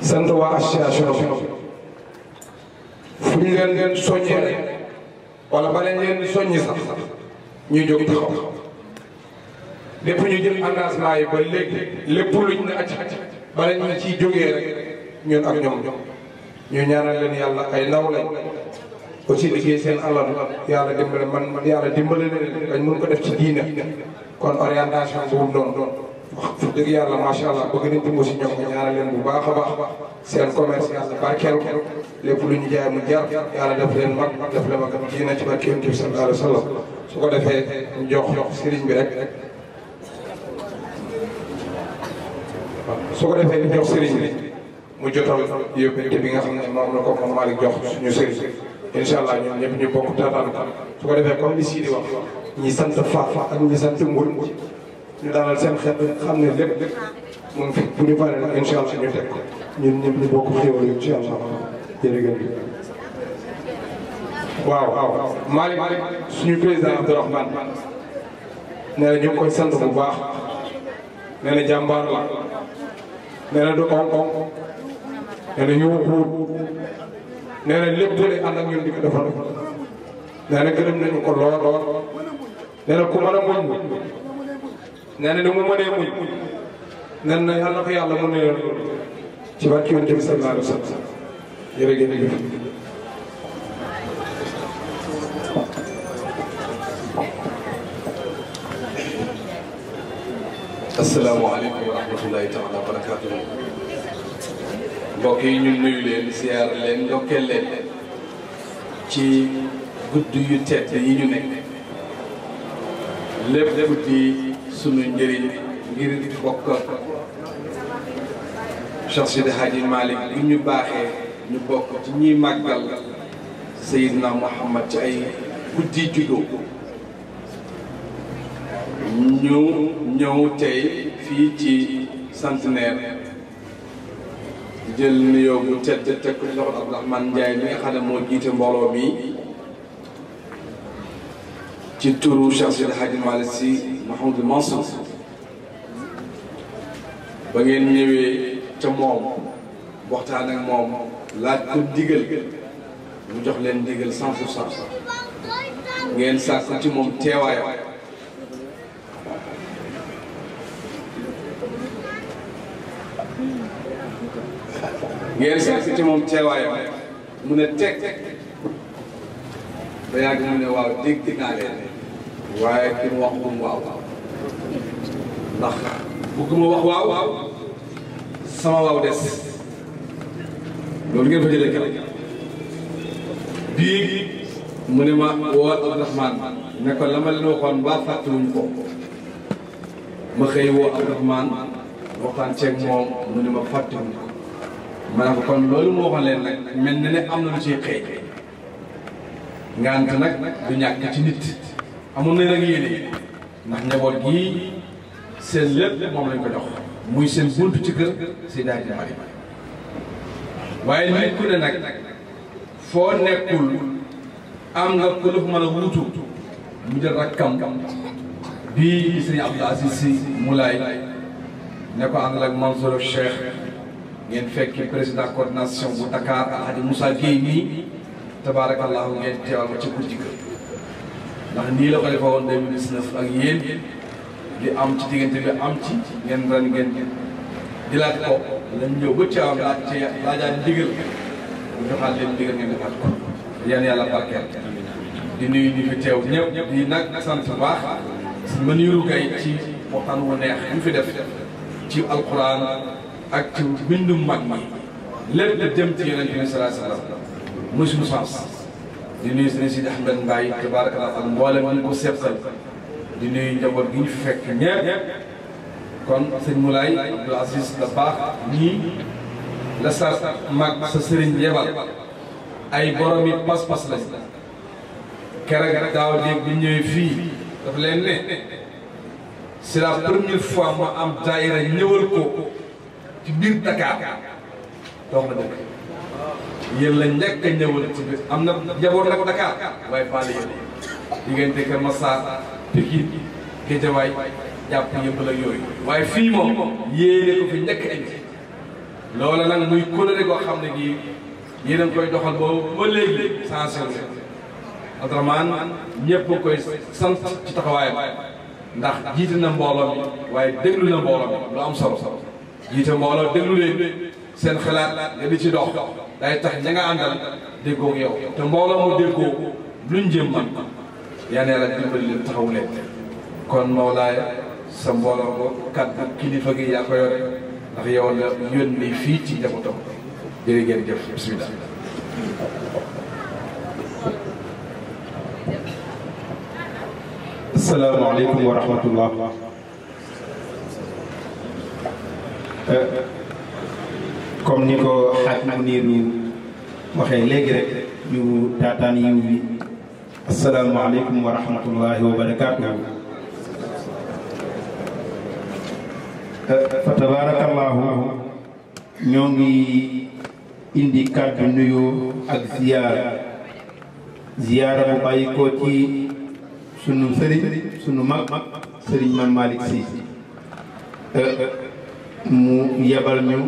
sant waa association fu ñu leen leen soññee wala ba leen leen soññi sax ñu jóg taxaw ñu jël engagement yi ba léegi lépp luñ ne acc leen ñu ciy jógee rek ñun ak ñoom ñu ñaanal leen yàlla ay ndaw lañ aussi liggéey seen alal yàlla dimbale man yàlla dimbale leen dañ mën ko def ci diine kon orientation boobu doon doon wax dëgg yàlla macha allah bëgg nañ dimba si ñoom nga leen bu baax a baax seen commerce yàlla barkeel lépp lu ñu jaay mu jar yàlla def leen mag def leen mag diina ci barke yonent bi sallallahu alayhi wa su ko defee ñu jox sëriñ bi rek su ko defee ñu jox sëriñ bi mu jotal yóbbante bi bi nga xam ne moom la ko moom Malick jox suñu sëriñ incha allah ñun ñëpp ñu bokk tataan su ko defee comme li Sidi wax ñi sant Fafa ak ñi sant Mbour ñu dalal seen xel xam ne lépp mu ngi fi bu ñu paree suñu président Abdourahmane nee na ñu koy sant bu baax nee na la nee na du on na ñu wuur nee na lépp lu lay ànd ko defal nee na li mu mënee muñ nee na na ko yàlla mën na yoon ci barke yonent bi sallallahu alayhi wa sallam jërëjëf asalaamaaleykum wa rahmatullahi taala wa barakaatu mbokk yi ñun nuyu leen siyaar leen ndokkeel leen ci gudd yu tedd yi ñu nekk lépp guddi suñu njëriñ ngir bokk Cheikh Sidi Hadji ñu baaxee ñu bokk ci ñiy màggal Seydina Muhammad ci ay guddi juddoo ñu ñëw fii ci centenaire jël nuyoo bu tedd teg ko ci loxo Abdourahmane Ndiaye mi moo jiite mbooloo mi ci turu Cheikh Seydi Hadji Malick Sy Mouhamadou Mansour ba ngeen ñëwee ca moom waxtaan ak moom laaj ko digal mu jox leen digal cent pour cent ngeen sàkku ci moom teewaayam ngeen sàkku ci moom teewaayam mu ne teg ba yàgg mu ne waaw dégg naa waaye ki mu wax moom waaw ndax bëgguma wax waaw waaw sama waaw des loolu ngeen fa jëlee keroog bii mu ne ma woo Abdourahman ne ko la ma leen waxoon mbaa fàttewuñ ko ma xëy woo Abdourahman waxtaan ceeg moom mu ne ma fàttewuñ ko ma ne ko kon loolu moo waxoon leen nag mel na ne am na lu ciy xëy ngant nag du ñàkk ci nit. amoon nañ ak yéene ndax njaboot gii seen lépp moom lañ ko jox muy seen bunt ci kër si daal di mari waaye nit ku nag foo nekkul am nga ku la mën a wuutu mu jël rakkam bii sëñ Abdou Aziz Si Moulay ne ko àndal ak Mansour Cheikh ngeen fekki président coordination bu Dakar Alhaji Moussa Guèye nii tabaarakallahu ngeen teewal ma ci guddi ndax nii la ko defee woon 2019 ak yéen di am ci diggante bi am ci ngeen ren ngeen di laaj ko lañ ñëw ba Thiam laaj ca laajaat ndigal ñu joxaat leen ndigal ngeen defaat ko yan yàlla barkeel di nuyu ñu fi teew ñëpp di nag sant bu baax Manirou Gaye ci waxtaan wu neex ñu fi def ci alquran ak ci mbindum mag mi lépp jëm ci yonent bi sallallahu alayhi muy suñu sens di nuyu sëriñ Sidi Ahmed Mbaye tabaarakallah ak mboolem ñu ko seetal di nuyu njaboot gi ñu fi fekk ñëpp kon sëñ Moulay Abdoul Aziz la baax ñii la sar mag sa sëriñ yebal ay borom yi pas-pas lañ keroog daaw jéeg bi ñëwee fii daf leen ne c'est la première fois ma am daayira ñëwal ko ci biir Dakar dox yéen la njëkk a ñëwal ci bi am na njaboot nag Dakar waaye Fane yéen diggante Kër Massar Pikine Guédiawaye jàpp yëmbal ak yooyu waaye fii moom yéene ko fi njëkk indi loola nag muy kóllëre koo xam ne gii yéen a ngi koy doxal boobu ba léegi sans changé Abdourahmane ñëpp a koy sant ci taxawaayam ndax jiite na mbooloo mi waaye déglu na mbooloo mi lu am solo jiite mbooloo déglu leen seen xalaat nga di ci dox day tax ña nga àndal déggoo yow te mbooloo mu déggoo luñ jëm man yal na yàlla dimbali leen kon Mawlaaya sa ko kàddu kilifa gi yaa ko yore ndax yow la yónni fii ci njabootam jërë ngeen jëf bisimilah. asalaamaaleykum comme ni ko xaaj mu niir ñu waxee léegi rek ñu taataan yiw bi asalaamualeykum wa rahmatullahi wa barakaatuhu fa tabarakallahu ñoo ngi indi kàddu nuyu ak ziyaar ziyaara bu bàyyi ci sunu sëriñ sunu mag sëriñ man Malick Sy mu yebal ñu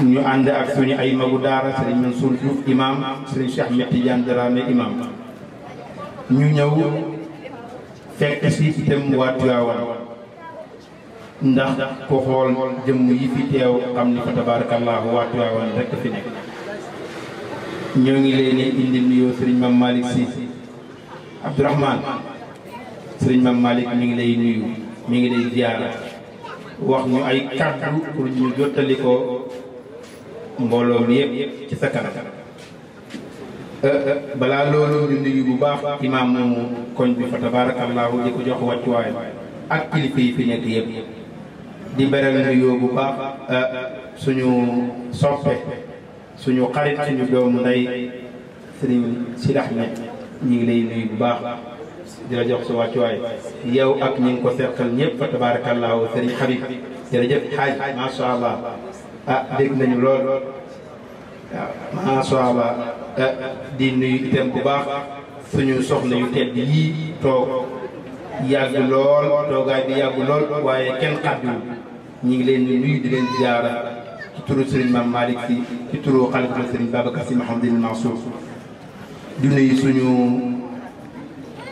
ñu ànd ak suñu ay magu daara sëriñ Mansour Diouf imam sëriñ Cheikh Mette Diane Dramé imam ñu ñëw fekk si itam waa Tiwaawan ndax ku xool jëmm yi fi teew xam ni fa tabaarakallaahu waa Tiwaawan rekk fi nekk ñoo ngi leen di indi nuyoo sëriñ Mame Malick Sy Abdourahmane sëriñ Mame Malick mi ngi lay nuyu mi ngi lay ziyaara wax ñu ay kàddu pour ñu jottali mbooloo mi yëpp ci sa kanam euh, euh, balaa loolu ñu nuyu bu baax imaam moomu koñ bi fa tabaarakallaahu di ko jox wàccuwaay ak kilifa yi fi nekk yëpp di beral nuyoo bu baax euh, suñu soppe suñu xarit suñu doomu ndey sëriñ Sidi Ahmed ñu ngi lay nuyu bu baax di la jox sa wàccuwaay yow ak ñi ngi ko seqal ñëpp fa tabaarakallaahu sëriñ Habib jërëjëf xaaj macha allah. ah dégg nañu lool waaw ah, maa soaba ah, di nuyu itam bu baax suñu soxna yu tedd yii toog yàgg lool toogaay bi yàgg lool waaye kenn xàdduwul ñu ngi leen di nuyu di leen ziyaara ci turu sëriñ Maam Malick si ci turu xalifa sëriñ Babacar si Mouhamadul Mansour di nuyu suñu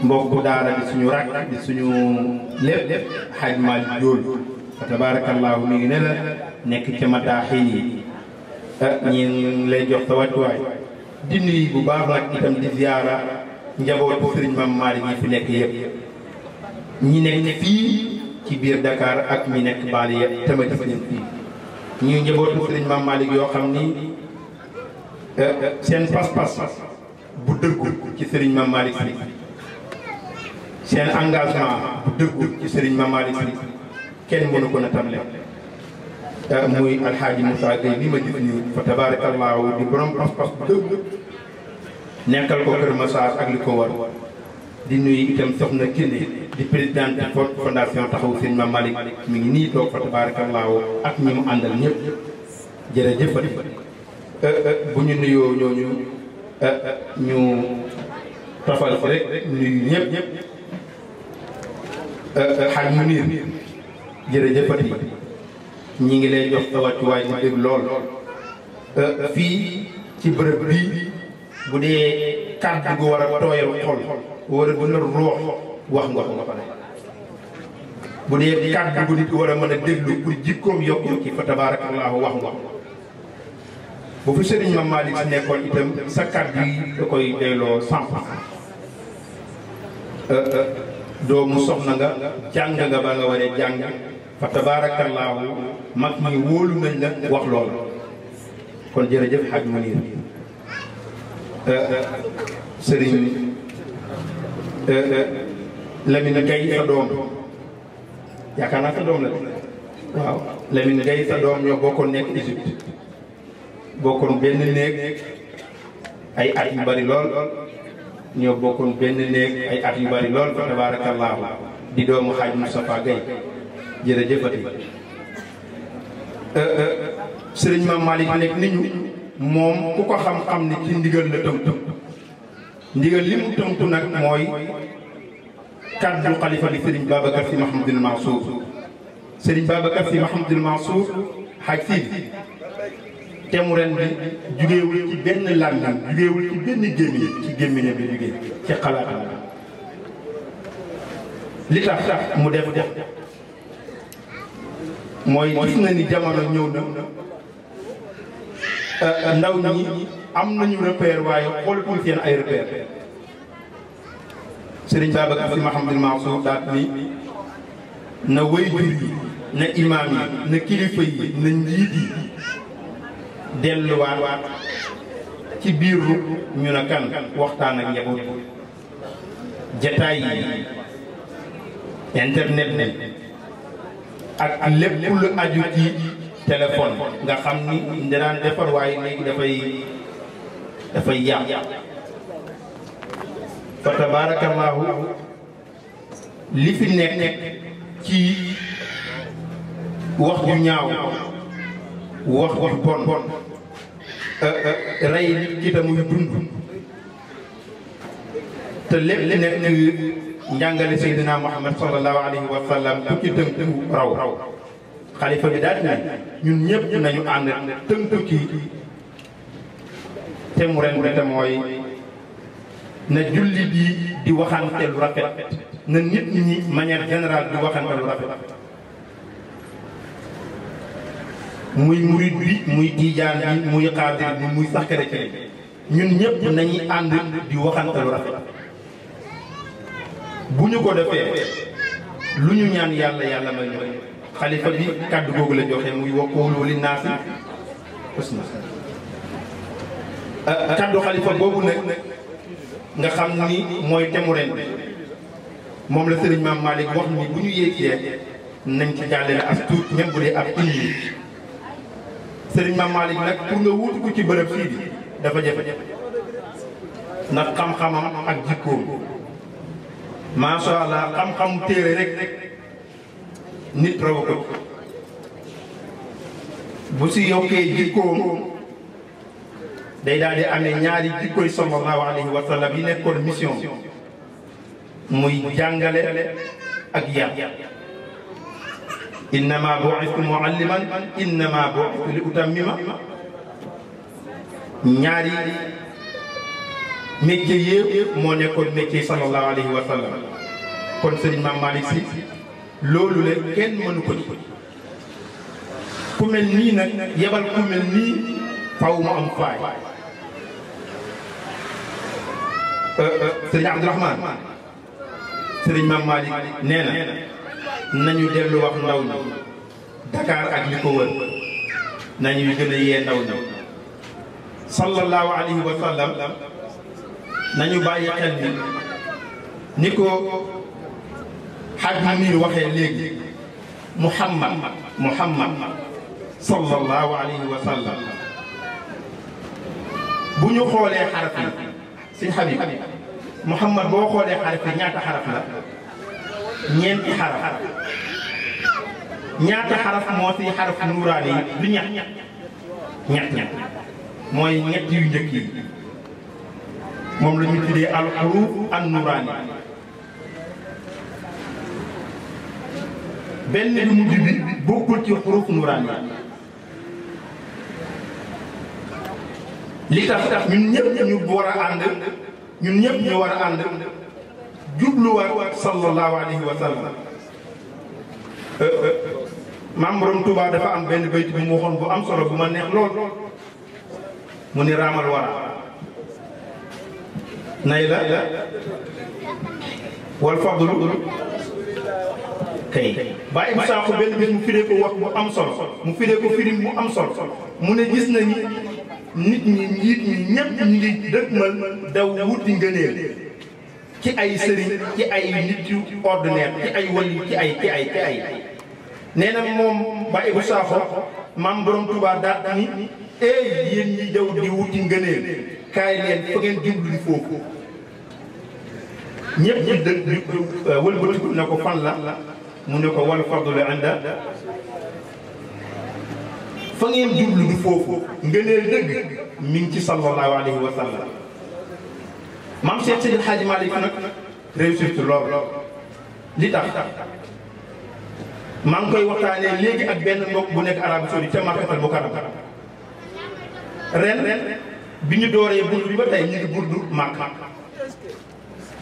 mbokk daara di suñu rakk di suñu lépp lépp xaaj Malick Diol fa tabaarakallaahu ngi ne nekk ca mataaxin yi eh, ñi ngi lay jox sa wàccuwaay di nuyu bu baax nag itam di ziyaara njabootu sëriñ Mame Malick ñi fi nekk yëpp ñi nekk fii ci biir Dakar ak ñi nekk baal ya tamit gis nañ fii ñu njabootu sëriñ Mame yoo xam ni eh, seen pas-pas bu dëggu ci sëriñ Mame Malick Sy seen engagement bu dëggu ci sëriñ Mame Malick kenn mënu ko na muy alxaaji Moussa Gueye bi ma gis nii fa tabaarakallaahu di borom pas-pas dëgg nekkal ko Kër Massar ak li ko war di nuyu itam soxna Kine di présidente fondation taxawu sëñ Mame Malick mi ngi nii toog fa tabaarakallaahu ak ñi mu àndal ñëpp jërëjëfati euh, euh, bu ñu nuyoo ñooñu euh, ñu tafal fi rek nuyu ñëpp xaj mu niir jërëjëfati ñi ngi lay jox sa wàccuwaay di dégg lool euh, fii ci bërëb bii bu dee kàddu gu war a tooyal xol wala bu nar roox wax nga nga fa ne bu dee kàddu war a mën a déglu pour jikkoom yokku ci fa tabaarakallaahu wax nga bu fi sëriñ Mame Malick si nekkoon itam sa kàddu yi da koy deyloo samp euh, euh, doomu soxna nga jàng nga ba nga waree jàng fa tabaarakallaahu mag ñi wóolu nañ la wax loolu kon jërëjëf xaj Munir sëriñ Lamine Gaye sa doom yaakaar naa sa doom la waaw Lamine Gaye sa doom ñoo bokkoon nekk Égypte bokkoon benn néeg ay at yu bari lool ñoo bokkoon benn néeg ay at yu bari lool fa tabaarakallaahu di doomu xaj Moustapha Gaye jërëjëfati euh, euh, sëriñ Maam Malick nekk ni ñu moom ku ko xam-xam ni ci ndigal la tënku ndigal li mu tënku nag mooy kàddu xalifa bi sëriñ Babacar Sy Mouhamadoul Mansour sëriñ Babacar Sy Mouhamadoul Mansour xaj siid temu ren bi jugeewul ci benn làmmiñ jugeewul ci benn gémmiñ ci gémmiñam bi jugee ci xalaatam li tax tax mu def def mooy gis na ni jamono ñëw na euh, ndaw ñi am nañu repère waaye xoolatul seen ay repère sëriñ Babacar Si Mahamadul Mansour daat ni na waajur yi na imaam yi na kilifa yi na njiit yi delluwaat ci biir ñu ne kan waxtaan ak njaboot jataay yi internet ne ak lépp lu aju ci téléphone nga xam ni daan defar waaye léegi dafay dafay yàq fa li fi nekk ci wax ju ñaaw wax wax bon bon euh, euh, rey nit dund te lépp nekk njàngale Seydina Muhammad sallallahu alayhi wa sallam ku ci tënku raw xalifa bi daal ñun ñëpp nañu ànd tënku ci te mu ren bi te mooy na jullit yi di waxante lu rafet na nit ñi manière générale di waxante lu rafet muy murid bi muy tiijaan bi muy xaadir bi muy sax chrétien ñun ñëpp nañuy ànd di waxante lu rafet bu ñu ko defee lu ñu ñaan yàlla yàlla may ñu xalifa bi kàddu googu la joxe muy wakkoolu li naasi husna euh, euh, kàddu xalifa boobu nag nga xam ni mooy temu ren moom la sëriñ maam Malick wax ni bu ñu yéegee nañ ci jàllale ak tuut même bu dee ab indi sëriñ maam Malick nag pour nga wuutu ko ci bërëb fii bi dafa jafe-jafe ndax xam-xamam ak jikkoom macha allah xam-xam téere rek nit raw bu si yokkee jikkoom day daal di amee ñaari jikkoy sallallahu alayhi wa yi nekkoon mission muy jàngale ak yar innama bu'istu mu'alliman innama bu'istu li utammima ñaari métier yëpp moo nekkoon métier sallallahu alayhi wa sallam kon sëriñ Maam Malick Sy loolu la kenn mënu ko ci ku mel nii nag yebal ku mel nii faw mu am faay euh, euh, sëriñ Abdourahman sëriñ Maam Malick nee na nañu dellu wax ndaw ñi Dakar ak li ko wër nañuy gën a yee ndaw ñi sallallahu alayhi wa nañu bàyyi xel bi ni ko xaj Amir waxee léegi muhammad muhammad sallallahu alayhi wa sallam bu ñu xoolee xaraf yi si xabib muhammad boo xoolee xaraf yi ñaata xaraf la ñeenti xaraf ñaata xaraf moo si xaraf nuuraani yi ñax ñax mooy ñett yu njëkk yi moom lañu ñu tuddee alxuruf an nuraani benn bi mujj bi bokkul ci xuruf nuraani li tax tax ñun ñëpp ñu war a ànd ñun ñëpp ñu war a ànd jubluwaat sallallahu alayhi wa sallam euh, euh, maam borom Tuubaa dafa am benn bayt bi mu waxoon bu am solo bu ma neex lool mu ni raamal wara nay la wal fadlu kay bàyyi mu saako benn bés mu firee ko wax bu am solo mu firee ko firim bu am solo mu ne gis nañu nit ñi njiit ñi ñëpp ñu ngi dëgmal daw wuti ngëneel ci ay sëriñ ci ay nit yu ordinaire ci ay wali ci ay ci ay ci ay nee moom bàyyi bu saako maam borom Tuubaa daat ni eey yéen daw di wuti ngëneel kaay leen fa ngeen jublu foofu ñëpp ñu dë euh, wëlbatiku ne ko fan la mu ne ko wal fardule ànda fa ngeen jublu du foofu ngëneel dëgg mi ngi ci sallallahu alayhi wa sallam maam Cheikh Seydi Hadji Malick nag réussir lool li tax maa ngi koy waxtaanee léegi ak benn mbokk bu nekk Arabie Saoudite ca Makkatal Mukarram ren ren bi ñu dooree bunt bi ba tey ñu ngi buddu màkk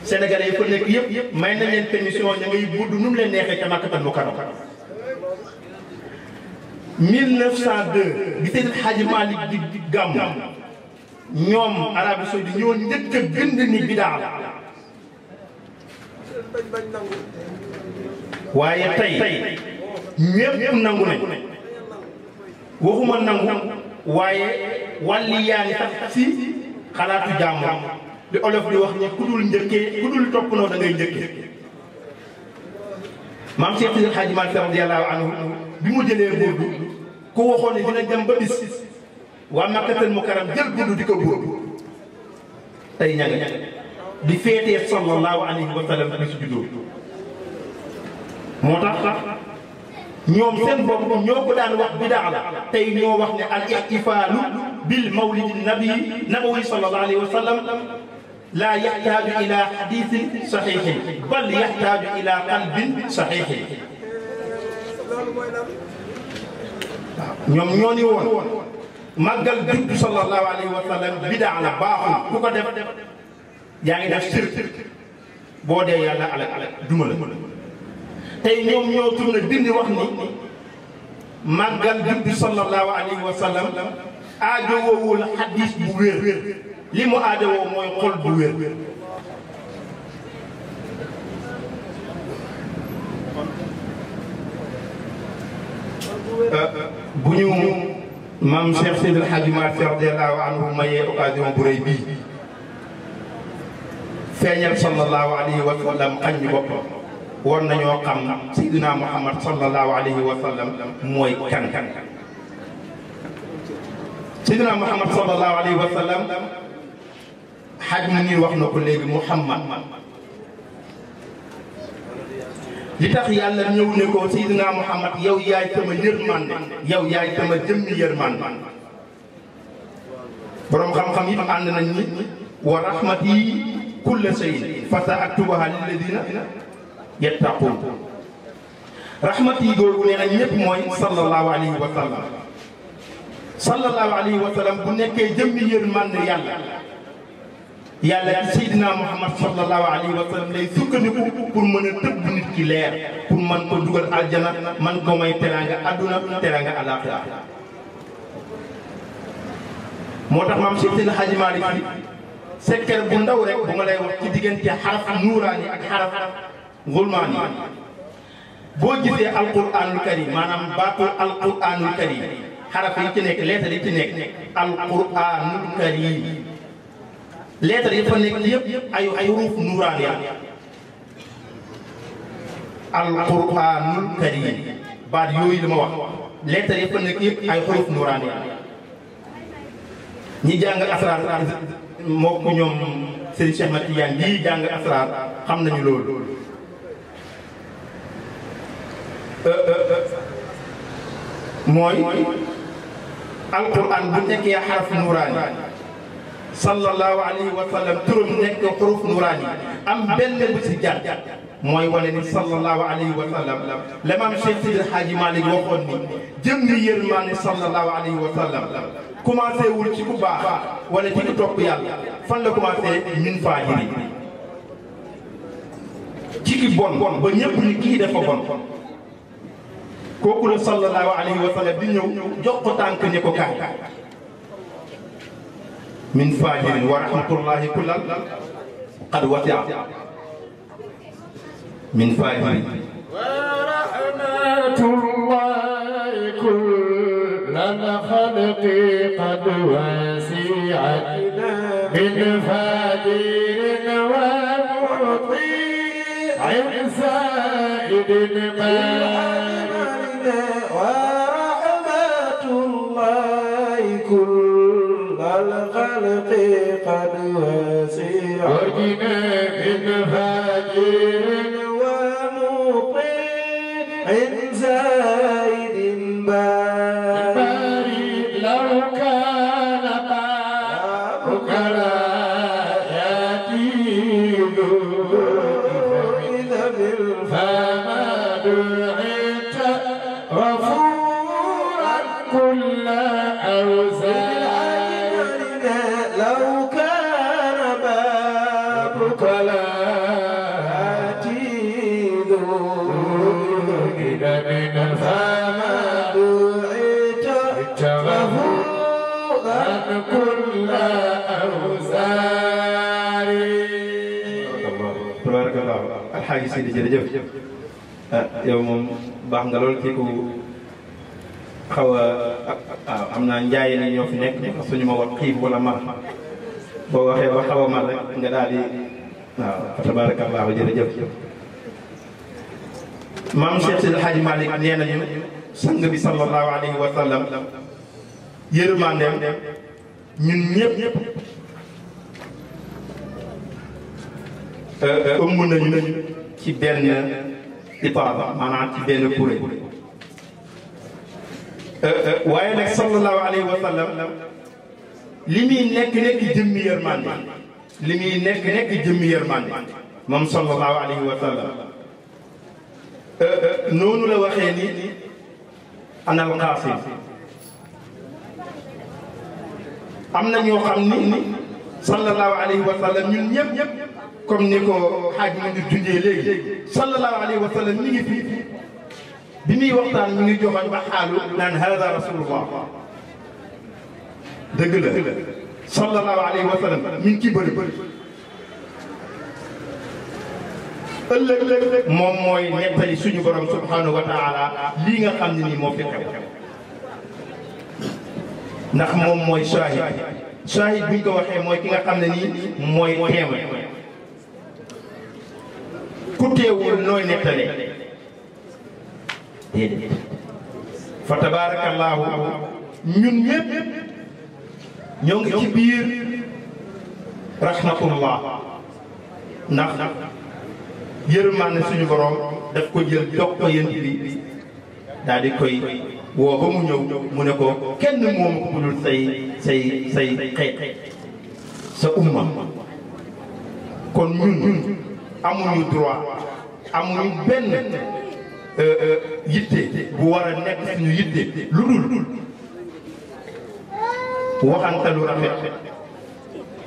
sénégalais yi nekk yëpp may nañ leen permission ña ngay budd nu mu leen neexee ca màkkatal mu kanam 1902 bi seen xaji Malick di di gàmm ñoom Arabie Saoudite ñoo njëkk a bind ni bidaa waaye tey tey ñëpp nangu nañ waxuma nangu waaye wàlli yaani sax si xalaatu jàmm li olof di wax ne ku dul njëkkee ku dul topp noo da njëkkee maam Cheikh Sidil Hadji Malick bi mu jëlee burdu ku waxoon ne dina dem ba bis waa Makkatal Mukarram jël burdu di ko burdu tey ña nga di feetee sallallahu alayhi bi su juddoo moo tax ñoom seen bopp ñoo ko daan wax bidaa la tey ñoo wax ne al ihtifaalu bil mawlidi nabi nabawi sallallahu alayhi wa sallam laa yaxtaaju ila xadiisin saxiixin bal yaxtaaju ila qalbin saxiixin waaw ñoom ñoo ni woon màggal juddu sallallahu alayhi wa sallam bidaa la baaxul ku ko def yaa ngi def sirk boo dee yàlla ala ala duma la tey ñoom ñoo tourné dindi wax ni màggal juddu sallallahu alayhi wa sallam aajowowul xadis bu wér li mu aajowoo mooy xol bu wér bu ñu maam Cheikh Seydil Hadji Malick radiyallahu anhu mayee occasion bu bii feeñal sallallahu alayhi wa sallam xañ ñu boppam war nañoo xam sayyidina muhammad sallallahu alayhi wa sallam mooy kan kan sayyidina muhammad sallallahu alayhi wa sallam xaj na nii wax na ko léegi muhammad li tax yàlla ñëw ne ko sayyidina muhammad yow yaay sama yërmande yow yaay sama jëmmi yërmande boroom xam-xam yi ànd nañ ni wa rahmati kulla shay'in fa sa aktubaha lilladina yettaqun rahmat yi googu nee na ñëpp mooy sallallahu alayhi wa sallam sallallahu alayhi wa sallam bu nekkee jëmmi yërmande yàlla yàlla ci Seydina Muhammad sallallahu alayhi wa sallam lay sukkandiku pour mën a tëbb nit ki leer pour man ko dugal aljana man ko may teraanga àdduna teraanga àllaaxira moo tax maam Cheikh Seydi Hadji Malick Sy bu ndaw rek bu ma lay wax ci diggante xaraf nuuraani ak xaraf ngulmaan yi boo gisee alquranul karim maanaam baatul alquranul karim xaraf yi ci nekk leetar yi ci nekk alquranul karim leetar yi fa nekk yëpp ay ay ruuf nuuraan ya alquranul karim baat yooyu li wax leetar yi fa nekk yëpp ay xuruuf nuuraan ya ñi jàng asraar moo ko ñoom Serigne Cheikh Mati Yane lii jàng asraar xam nañu loolu mooy alquran bu nekkee xaraf nuraani sallallahu alayhi wa sallam turam nekk xuruf nuraani am benn bu si jar mooy wane ni sallallahu alayhi wa sallam la maam Cheikh Sidi Hadji Malick waxoon ni jëm ni yërmaane sallallahu alayhi wa sallam commencé wul ci ku baax wala ci ku topp yàlla fan la commencé min faajiri ci ki bon ba ñëpp ni kii dafa bon kooku la sallallahu alayhi wa sallam di ñëw jox ko tànk ni ko kaay min fajirin wa rahmatullahi kullal qad watia min fajirin wa rahmatullahi kullal xalqi qad wasiat min fajirin wa muti عن زائد ما قد وسيع وجنا من فجر xaaji Seydi jërëjëf ah yow moom baax nga lool kii ku xaw a waaw am naa njaay ni ñoo fi nekk suñu ma wax xiif wala mar boo waxee ba xaw a mar rek nga daal di waaw fa tabaarakallaahu jërëjëf maam Cheikh Seydi Hadji Malick nee nañu sang bi sallallahu alayhi wa sallam yërmandeem ñun ñëpp eh, eh, ëmb nañu ci benn ipaaba maanaam ci benn kuréel euh, euh, waaye nag sallallahu alayhi wa sallam li muy nekk nekk jëmmi yërmande li muy nekk moom sallallahu alayhi wa euh, noonu la waxee ni ana alqaasim am na ñoo xam ni sallallahu alayhi wa sallam ñun ñëpp ñëpp comme ni ko xaaj ma di tujjee léegi sallallahu alayhi wa sallam mi ngi fi bi muy waxtaan mi ngi jox ba xaalu naan hada rasulullah dëgg la sallallahu alayhi wa sallam mi ngi ci bëri ëllëg moom mooy nettali suñu borom subhanahu wa taala lii nga xam ne nii moo fi xew ndax moom mooy shahid shahid bi ñu ko waxee mooy ki nga xam ne nii mooy teema ku teewul nooy nettale déedéet fa tabaarakallaahu ñun ñëpp ñoo ngi ci biir rahmatullah ndax yërmaane suñu borom daf ko jël jox ko bi daal di koy woo ba mu ñëw mu ne ko kenn moomu ko budul say say say xeet sa umma kon ñun. amuñu droit amuñu benn euh, euh, yitte bu war a nekk suñu yitte lu dul waxante lu rafet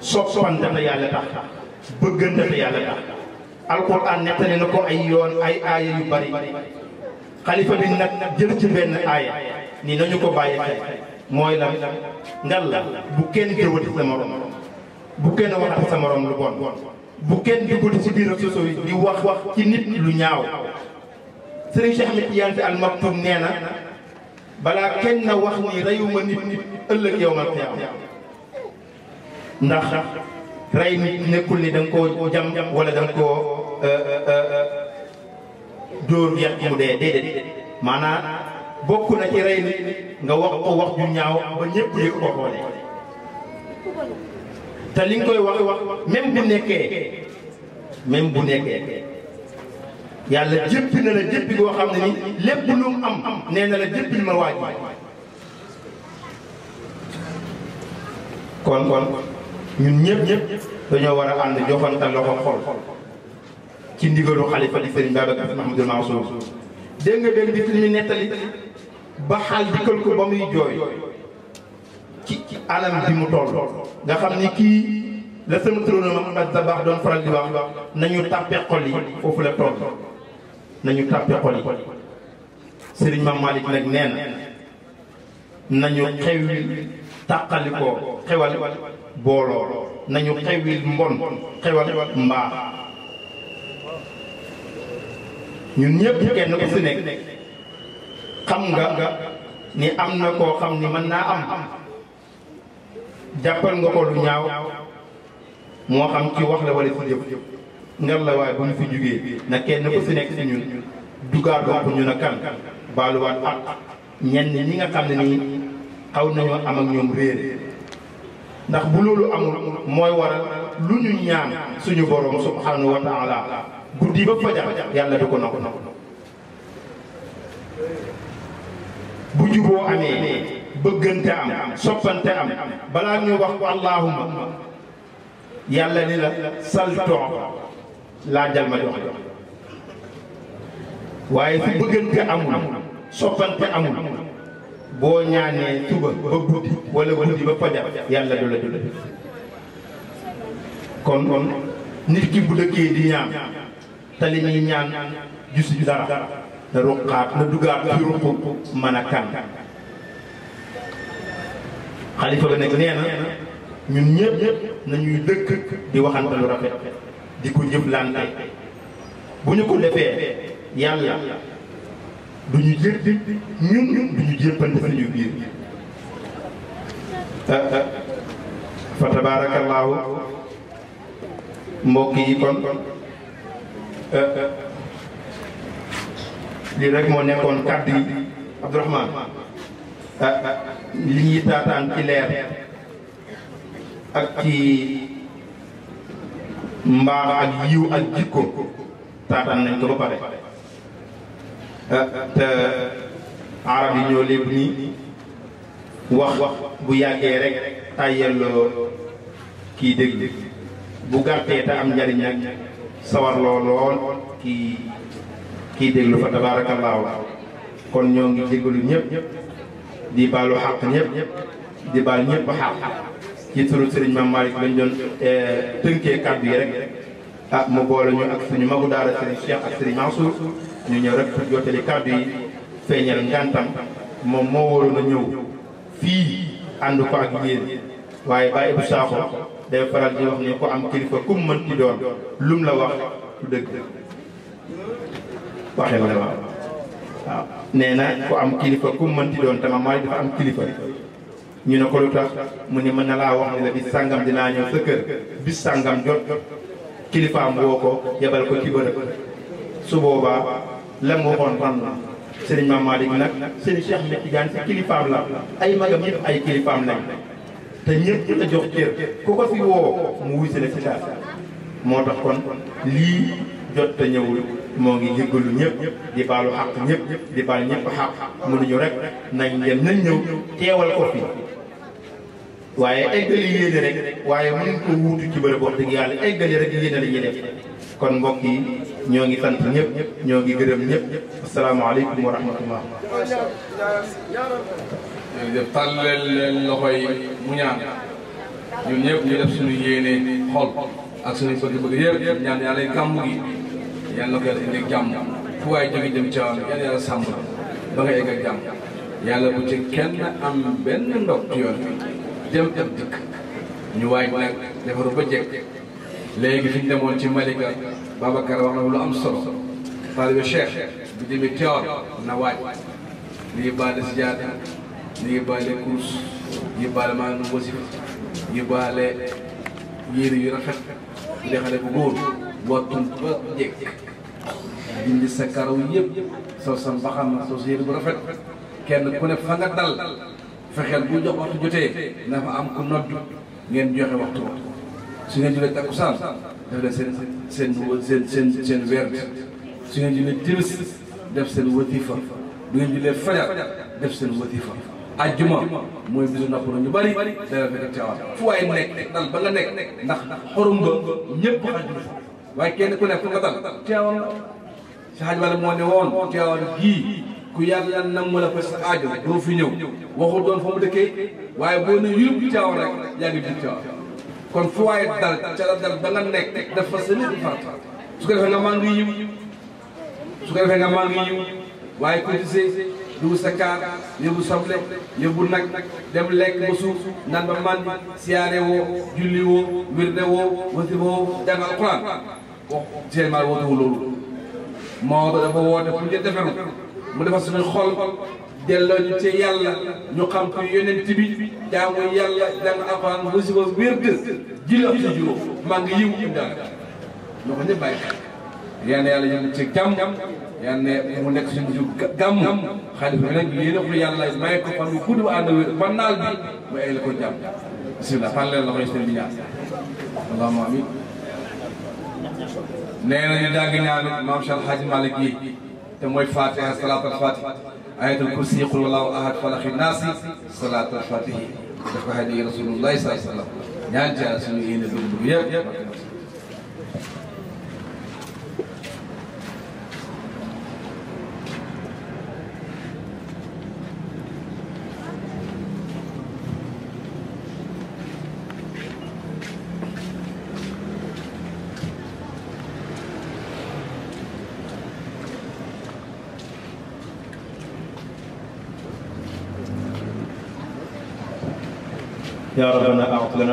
soppante te yàlla tax bëggante te yàlla tax alquran nettali na ko ay yoon ay aaya yu bari xalifa bi nag jël ci benn aaya ni nañu ko bàyyi xel mooy la ngal la bu kenn jëwati sa morom bu kenn waxati sa morom lu bon bu kenn jublu ci biir réseaux sociaux yi di wax wax ci nit lu ñaaw Serigne Cheikh Ahmed Tidiane Al Maktoum nee na balaa kenn na wax ni reyuma nit nit ëllëg yow ma ndax rey nit nekkul ni danga nga koo jam wala da nga koo euh, euh, euh, dóor yàq mu dee déedéet maanaam bokk na ci rey nit nga wax ko wax ju ñaaw ba ñëpp yëg ko xoolee te li nga koy wax même bu nekkee même bu nekkee yàlla jëppi na la jëppi goo xam ne ni lépp lu am nee na la jëppil ma waaj kon kon ñun ñëpp ñëpp dañoo war a ànd joxante loxo xol ci ndigalu xalifa di sëriñ Babacar Mahamadou Mansour dégg nga benn bis li ñu nettali ba xaal dikkal ko ba muy jooy ci alam bi mu toll nga xam ni kii la sama turóno mam ak dabaax doon faral di wax nañu tàppe xol yi foofu la toll nañu tàppe xol yi sëriñ Maam Malick nag nee nañu xewwi tàqalikoo xewal booloo nañu xewwi mbon xewal mbaax ñun ñëpp kenn ku si nekk xam nga ni am na koo xam ni mën naa am jàppal nga ko lu ñaaw moo xam ci wax la wala ci jëf ngar la waaye bu ñu fi jugee na kenn ku si nekk si ñun dugaat bopp ñu na kan baaluwaat ak ñenn ñi nga xam ne nii xaw nañoo am ak ñoom réer ndax bu loolu amul mooy waral lu ñu ñaan suñu borom subhanahu wa taala guddi ba fajar yàlla du ko nangu bu juboo amee bëggante am soppante am balaa ñu wax ko allahuma yàlla ni la saltoo laajal ma jox waaye fi bëggante amul soppante amul boo ñaanee tuba ba guddi wala guddi ba fajar yàlla du la du la kon kon nit ki bu dëkkee di ñaan te li ñaan jusi dara na ruqaat na dugaat ci ruq mën a kan xalifa ba nag nee na ñun ñëpp nañuy dëkk di waxante rafet di ko jëflante bu ñu ko defee yàlla du ñu jël ñun ñun du ñu jëppante suñu biir ah, ah. fa tabaarakallaahu mbokk yi kon ah, lii rek moo nekkoon kàddu yi Abdourahmane li ñuy taataan ci leer ak ci mbaax ak yiw ak jikko taataan nañ ko ba pare ah, te arab yi ñoo lépp nii wax wax bu yàggee rek tàyyelloo kii dégg bu gàttee te am njariñ nag sawarloo lool kii kii déglu fa tabaarakallaahu kon ñoo ngi jégalu ñëpp di baalu xaq ñëpp di baal ñëpp xaq ci turu Serigne Mame Malick lañ doon eh, tënkee kàddu yi rek ah mu boole ñu ak suñu magu daara Serigne Cheikh ak Serigne Mansour ñu ñëw rek jottali kàddu yi feeñal ngantam moom moo waroon a ñëw fii ànd ko ak yéen waaye Baye bu Sakho day faral di wax ne ko am kilifa ku mën ci lum la wax du dëgg waxee wala waaw. nee na ku am kilifa ku mënti doon tama mooy dafa am kilifa ñu ne ko lu tax mu ne mën na laa wax ni la bis sàngam dinaa ñëw sa kër bis sàngam jot kilifaam woo ko yebal ko ci bërëb su boobaa lam waxoon fan la sëriñ Maam Malick nag sëriñ Cheikh Ahmed Tidiane si kilifaam la ay magam yëpp ay kilifaam lañ te ñëpp la jox cër ku ko fi woo mu wuy si la si moo tax kon lii jot te ñëwul moo ngi jéggalu ñëpp di baalu xaq ñëpp di baal ñëpp xaq mënuñu rek nañ ngeen nañ ñëw teewal ko fi waaye eggali yéene rek waaye mën ko wuutu ci bërëb wax dëgg yàlla eggali rek yéene la ñuy def kon mbokk yi ñoo ngi sant ñëpp ñoo ngi gërëm ñëpp asalaamaaleykum wa rahmatullah jërëjëf tàllal leen loxo yi yàlla na ko yàlla indi ak jàmm fu waay jóge jëm ca yàlla yàlla sàmm ba nga egg ak yàlla bu ci kenn am benn ndog ci yoon bi dem ak dikk ñu waay nag defaru ba jekk fi ñu demoon ci Malika Babacar wax na lu am solo taalibe Cheikh bi demee teewal na waaj lii baale sijaada lii baale kurus lii baale maanaam wasif lii baale yére yu rafet bu dee bu góor wottul ba jekk dindi sa karaw yëpp soo sa mbaxana soo sa yére bu rafet kenn ku ne fa nga dal fexeel bu jox waxtu jotee na fa am ku noddu ngeen joxe waxtu waxtu su ngeen julee takkusaan def leen seen seen seen seen seen weer su ngeen julee timis def seen watifa bu ngeen julee fajar def seen watifa ajjuma mooy bisu noppalu ñu bari dara fi def teewaat fu waaye nekk dal ndax xorum nga ñëpp waaye kenn ku ne fu nga dal teewoon la si xaj moo ne woon teewoon gii ku yàlla nam na fa sa aajo doo fi ñëw waxul doon fa mu dëkkee waaye boo ne yurub teewoon rek yaa ngi jub teewoon kon waaye dal nag dem lekk ba suuf woo julli woo wirde woo wasiba woo jàng wax Seydou Mar wootewu loolu Maodo dafa woote pour ñu defaru mu defar suñu xol delloo ñu ci yàlla ñu xam ko yonent bi jaamu yàlla jàng alxuraan bu si ko wér dë jili ak si juróom maa yiw im daal ñoo ko ñëpp bàyyi xel na yàlla yéen ci mu nekk suñu ju gàmm xalifa bi nag yéen ko yàlla may ko fan bu gudd ànd wér ba naal bi mu ay la ko jàmm bisimilah fan leen la koy sëriñ ñaan allahumma amin nee nañu daa ngi ñaan maam Cheikh Hadj Malick yi te mooy fatiha salaatul fatiha ayatul kursi qul wallahu ahad falaqi naasi salaatul fatihi daf ko hadiyi rasulullahi sallallahu alayhi wa sallam ñaan ci yàlla suñu yéene dund yëpp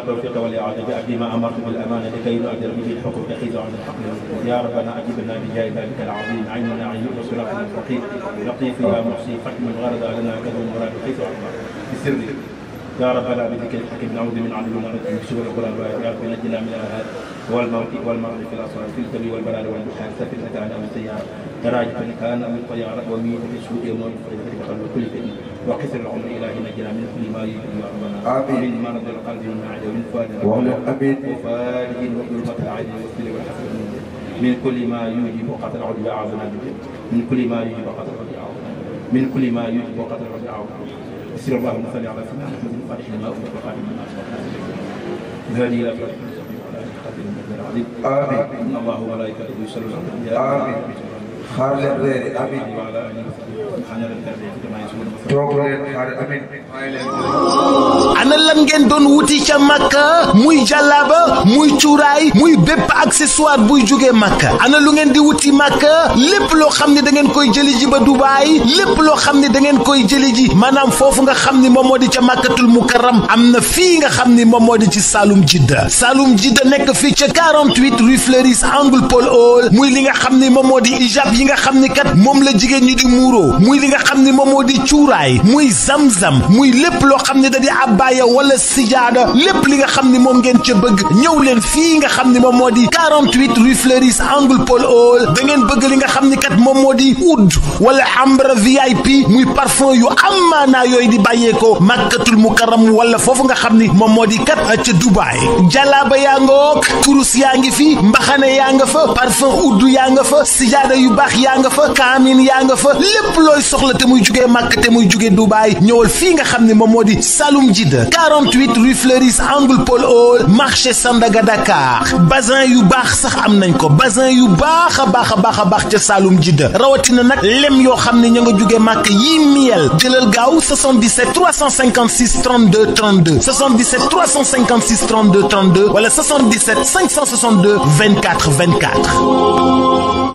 والتوفيق والإعادة بما أمرت بالأمانة لكي نؤدي به الحقوق حيث عن الحق يا ربنا أجبنا بجاه ذلك العظيم عيننا عين وصراط المستقيم لطيف يا محصي ختم الغرض لنا كذب المراد حيث عن السر يا ربنا بذكر الحكيم نعوذ من عدل ونعوذ من شرور القرآن يا رب نجنا من الأهل والموت والمرض في الأسرار في الدم والبلاد والبحار سفينة عن أو سيارة دراجة كان أو الطيارة وميت في سوء يوم وكل شيء وكسر العمر الى ان اجرى من كل ما يجري ربنا امين من مرض القلب من اعجب الفاتحه امين وفارج وكلمه العين والسلم والحسن من كل ما يجب قتل عدو اعظم من كل ما يجب قتل عدو اعظم من كل ما يجب قتل عدو اعظم بسم الله صل على سيدنا محمد الفاتح لما اغلق وخاتم الناس وخاتم الناس امين ان الله وملائكته يصلون على النبي امين xaar leen reer ana lan ngeen doon wuti ca màkka muy jàllaaba muy cuuraay muy bépp accessoire buy jógee màkka ana lu ngeen di wuti màkka lépp loo xam ne da ngeen koy jëli ji ba dubaay lépp loo xam ne da ngeen koy jëli ji maanaam foofu nga xam ni moom moo di ca màkkatul mukarram am na fii nga xam ni moom moo di ci Saloum jidda Saloum jidda nekk fii ca 48 rue Fleuris angle Paul Hall muy li nga xam ni moom moo di ijab yi nga xam ni kat moom la jigéen ñi di muuroo muy li nga xam ni moom moo di cuuraay muy zamzam muy lépp loo xam ni da di abbaaya wala sijaada lépp li nga xam ni moom ngeen ca bëgg ñëw leen fii nga xam ni moom moo di 48 rue Fleuris angle Paul Hall da ngeen bëgg li nga xam ni kat moom moo di oud wala ambre VIP muy parfum yu amaana yooyu di bàyyeekoo màkkatul mukarram wala foofu nga xam ni moom moo di kat ca Dubaay jalaaba yaa nga wook kurus yaa ngi fi mbaxane yaa nga nga fa sijaada yu baax yaa nga fa kaamin yaa nga fa lépp looy soxla te muy jugee màkk te muy jugee Dubaay ñëwal fii nga xam ne moom moo di Saloum Jidda 48 rue Fleuris angle Paul Hall marché Sandaga Dakar bazin yu baax sax am nañ ko basin yu baax a baax a baax a baax ca Saloum Jidda rawatina nag lem yoo xam ne ña nga jóge màkk yii miel jëlal gaaw 77 356 32 32 77 356 32 32 wala 77 562 24 24.